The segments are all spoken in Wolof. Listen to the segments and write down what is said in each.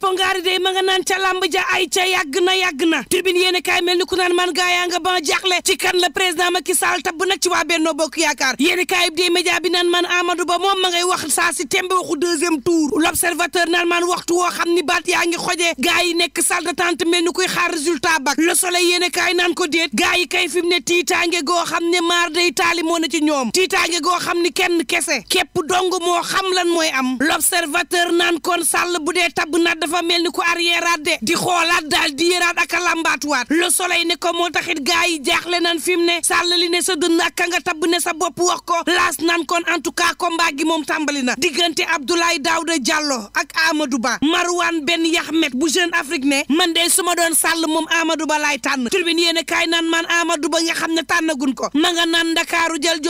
pongaari day ma nga naan ca làmb ja ay ca yàgg na yàgg na tribune yéene kaay mel ni ku naan man gaa yaa nga ban ci kan la président Macky Sall tabb nag ci waa Benno Bokk Yaakaar yéene kaay bi dee média naan man Amadou Ba moom ma ngay wax saa si tembe waxu deuxième tour l'observateur naan man waxtu woo xam ni baat yaa ngi xojee gaa nekk nekk salle tant mel ni kuy xaar résultat bak le soleil yéene kaay naan ko dee gaa yi kay fi mu ne tiitaange goo xam ne maar taali moo na ci ñoom tiitaange goo xam ni kenn kese képp dong moo xam lan mooy am l'observateur naan kon Sall bu dee tabb na dafa melni ko arrièreaat de di xolat dal di yeral ak lambat wat le soleil ne ko moo taxit gars nan fi ne li ne sa dun ak nga tab ne sa bop wax ko las nan kon en tout cas combat gi mom tambalina digeunte Daouda Diallo ak Amadou Ba marwan Ben Yahmed bu Jeune Afrique ne man de suma don sal mom Amadou Ba lay tan tribune yene kay nan man Amadou Ba nga xamne tanagun ko ma nga naan Ndakaaru jël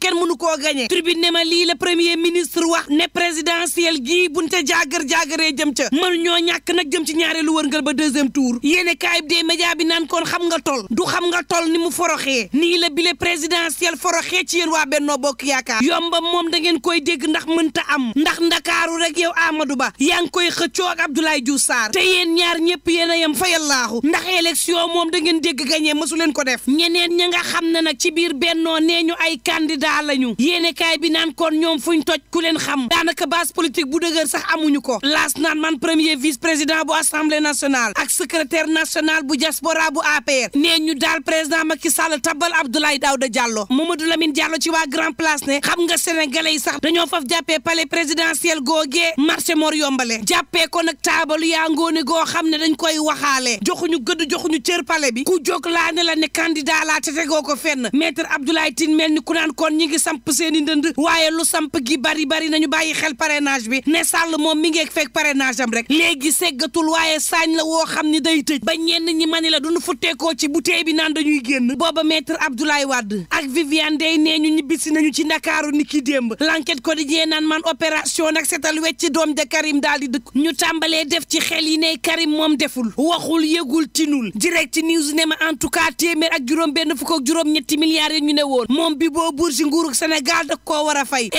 ken munu ko gagner tribune ne ma li le premier ministre wax ne présidentiel gi bunte jaagar jaagaree dem ca mën ñoo ñàkk nag jëm ci ñaareelu wërngal ba deuxième tour yéene kaay bi dee média bi naan kon xam nga tol du xam nga tol ni mu foroxee nii la bile présidentiel foroxee ci yéen waa Benno Bokk Yaakaar yomba moom da ngeen koy dégg ndax mënta am ndax ndakaaru rek yow Amadou Ba yaa ngi koy xëccoo ak Abdoulaye Diouf Sarr te yéen ñaar ñëpp yéen a yem fayal laaxu ndax élection moom da ngeen dégg gañee mësu leen ko def ñeneen ña nga xam na nag ci biir bennoo nee ñu ay candidat lañu yéene kaay bi naan kon ñoom fuñ toj ku leen xam daanaka base politique bu dëgër sax amuñu ko laas man premier vice président bu assemblée nationale ak secrétaire national bu diaspora bu APR nee ñu daal président Macky Sall tabal Abdoulaye Daouda Diallo Mamadou Lamine Diallo ci waa Grand Place ne xam nga sénégalais i sax dañoo faf jàppee palais présidentiel googee marché Mor yombale jàppee ko nag taabalu yaa ngoone goo xam ne dañ koy waxaale joxuñu gëdd joxuñu cër pale bi ku jóg laa ne la ne candidat laa te tegoo ko fenn maître Abdoulaye Tine mel ni ku naan kon ñi ngi samp seen ndënd waaye lu samp gi bari bari nañu bàyyi xel parrainage bi ne Sall moom mi ngi fekk parrainage ménage am rek léegi seggatul waaye saañ la woo xam ni day tëj ba ñenn ñi mani la duñu futteekoo ci butee bi naan dañuy génn booba maître Abdoulaye Wade ak Viviane Dey nee ñu ñibbisi nañu ci ndakaaru ni ki démb l'enquête quotidien naan man opération nag setal wecci doom ja Karim daal di dëkk ñu tàmbalee def ci xel yi ne Karim moom deful waxul yëgul tinul direct news ne ma en tout cas téeméer ak juróom benn fukk ak juróom ñetti milliards yi ñu ne woon moom bi boo buur si nguurug Sénégal da koo war a fay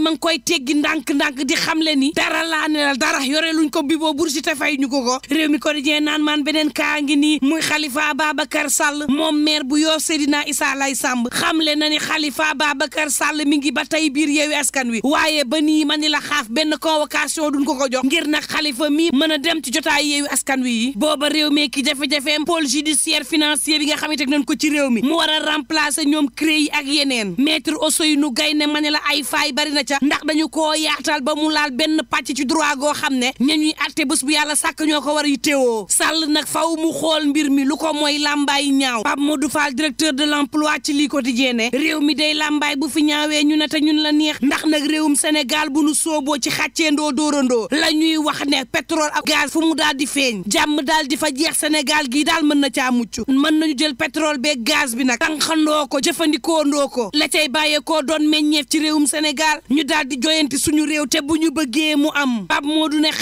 ma ngi koy teggi ndànk-ndànk yore luñ ko bi boo bursi te fay ñu ko ko réew mi quotidien naan maan beneen kaa ngi nii muy xalifa Babacar Sall moom maire bu yoo Seydina Issa Lay Samb xamle na ni xalifa Babacar Sall mi ngi ba tey biir yeewi askan wi waaye ba nii ma ni la xaaf benn convocation duñ ko ko jox ngir nag xalifa mi mën a dem ci jotaay yeewi askan wi yi booba réew mi ki jafe-jafeem pôle judiciaire financier bi nga xam ne teg ko ci réew mi mu war a remplacer ñoom CREI ak yeneen maître Ousseynou Gaye ne ma ni la ay faay bari na ca ndax dañu koo yaatal ba mu laal benn pàcc ci droit goo xam ne ña ñuy atte bés bu yàlla sàkk ñoo ko war a yittewoo sàll nag faw mu xool mbir mi lu ko mooy làmbaay ñaaw Pape Modou Fall directeur de l'emploi ci liiko quotidien ne réew mi day làmbaay bu fi ñaawee ñu ne te ñun la neex ndax nag réewum senegal bu nu sooboo ci xàcceendoo dóorandoo la ñuy wax ne pétrole ak gaz fu mu daal di feeñ jàmm daal di fa jeex senegal gii daal mën na caa mucc mën nañu jël pétrole beeg gaas bi nag tànqandoo ko jëfandikoondoo ko la cay bàyyeekoo doon meññeef ci réewum Sénégal ñu daal di joyanti suñu réew te bu ñu bëggee mu am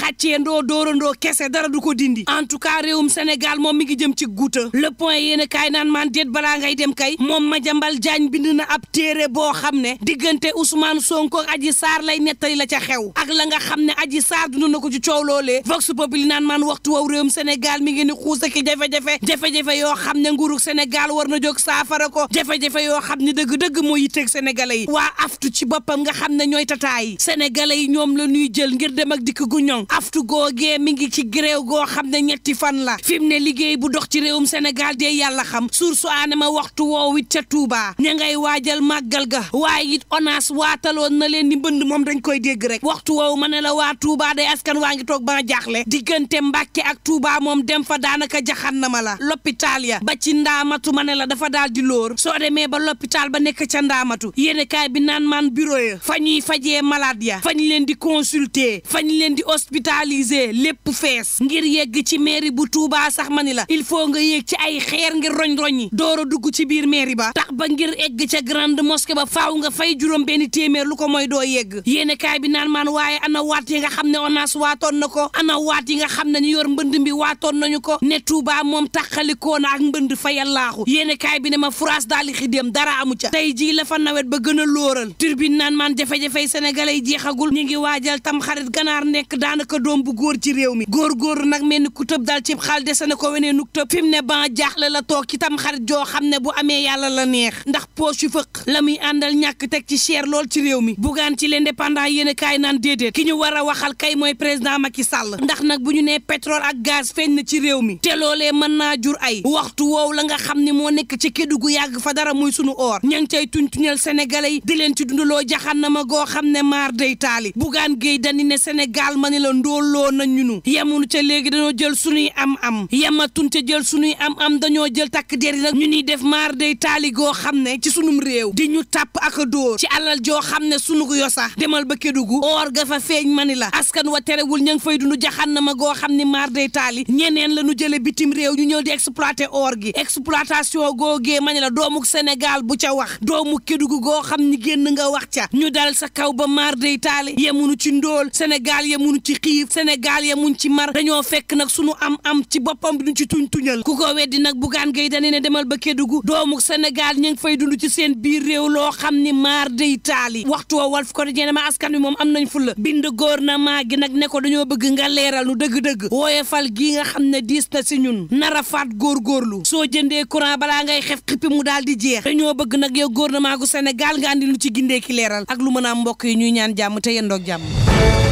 xàcceendoo dóorandoo kese dara du ko dindi en tout cas réewum Sénégal moom mi ngi jëm ci guuta le point yéen a naan maan déet balaa ngay dem kay moom Madiambal Diagne bind na ab téere boo xam ne diggante Ousmane Sonko ak Adji Sarr lay nettali la ca xew ak la nga xam ne aji Sarr dund na ko ci coow loolee Vox Populi naan maan waxtu waw réewum Sénégal mi ngi ni xuus ak jafe-jafe jafe-jafe yoo xam ne nguurug Sénégal war na jóg saafara ko jafe-jafe yoo xam ne dëgg-dëgg moo yitteeg Sénégalais yi waa aftu ci boppam nga xam ne ñooy tataay Sénégalais yi ñoom la ñuy jël ngir dem ak dikk gu aftu googee mi ngi ci gréew goo xam ne ñetti fan la fi ne liggéey bu dox ci réewum Sénégal dee yàlla xam suur su aanama waxtu woowu it ca Touba ña ngay waajal màggal ga waaye it ONAS waataloon na leen ni mbënd moom dañ koy dégg rek waxtu woowu ma ne la waa Touba day askan waa ngi toog ba jaaxle diggante Mbàkke ak Touba moom dem fa daanaka jaxan na ma la l'hôpital ya ba ci ndaamatu ma ne la dafa daal di lóor soo demee ba l'hôpital ba nekk ca ndaamatu yéene kaay bi naan maan bureau fa ñuy fajee malade revitaliser lépp fees ngir yegg ci mairie bu Touba sax ma ni la il faut nga yéeg ci ay xeer ngir roñ-roñ yi doora dugg ci biir mairie ba tax ba ngir egg ca grande mosquée ba faaw nga fay juróom benni téeméer lu ko moy doo yegg yéene kaay bi naan maan waaye ana waat yi nga xam ne ONAS waatoon na ko ana waat yi nga xam ne ñu yor mbënd mi waatoon nañu ko ne Touba moom tax xali na ak mbënd fa yàllaaxu yéene kaay bi ne ma France daal di xidéem dara amu ca tey jii la fa nawet ba gën a lóoral turbine naan maan jafe-jafey sénégalais yi jeexagul ak doom bu góor ci réew mi nag mel ni ku tëb dal ci xaal dese na ko wenee nuk fi mu ne ban jaaxle la toog ci tam joo xam ne bu amee yàlla la neex ndax poche yu fëq la muy àndal ñàkk teg ci cher lool ci réew mi bugaan ci l'indépendant yéen a kaay naan déedéet ki ñu war a waxal kay mooy président Macky Sall ndax nag bu ñu nee pétrole ak gaz feeñ na ci réew mi te loolee mën naa jur ay waxtu woow la nga xam ne moo nekk ci Kédougou yàgg fa dara muy sunu or ña ngi cay tuñtuñal sénégalais yi di leen ci loo jaxan na ma goo xam ne maar day taali bugaan géey dani ne Sénégal ma ni la ndóolloo na ñunu yemunu ca léegi dañoo jël sunuy am am yematun ca jël sunuy am am dañoo jël takk der yi nag ñu niy def maar day taali goo xam ne ci sunum réew di ñu tàpp ak dóor ci alal joo xam ne sunu yo sax demal ba Kédougou or ga fa feeñ mani la askan wa terewul ña ngi fay dundu jaxannama goo xam ne maar day taali ñeneen la ñu jële bitim réew ñu ñëw di exploité or gi exploitation googee mani la doomug Sénégal bu ca wax doomu Kédougou goo xam ni génn nga wax ca ñu dal sa kaw ba maar day taali yemunu ci ndóol Sénégal yemunu ci xiif Sénégal ya muñ ci mar dañoo fekk nag sunu am am ci boppam duñ ci tuñ tuñal ku ko weddi nag bugaan gay dani ne demal ba Kédougou doomu Sénégal ñu fay dund ci seen biir réew loo xam ni maar day taali waxtu wal Walf Quotidien ma askan wi moom am nañ fulla bind gouvernement gi nag ne ko dañoo bëgg nga leeral nu dëgg-dëgg wooyefal gi nga xam ne diis na si ñun nara faat góorlu soo jëndee courant balaa ngay xef xippi mu daal di jeex dañoo bëgg nag yow gouvernement gu Sénégal nga andi lu ci gindee ki leeral ak lu mën a mbokk yi ñuy ñaan jàmm te yendoog jàmm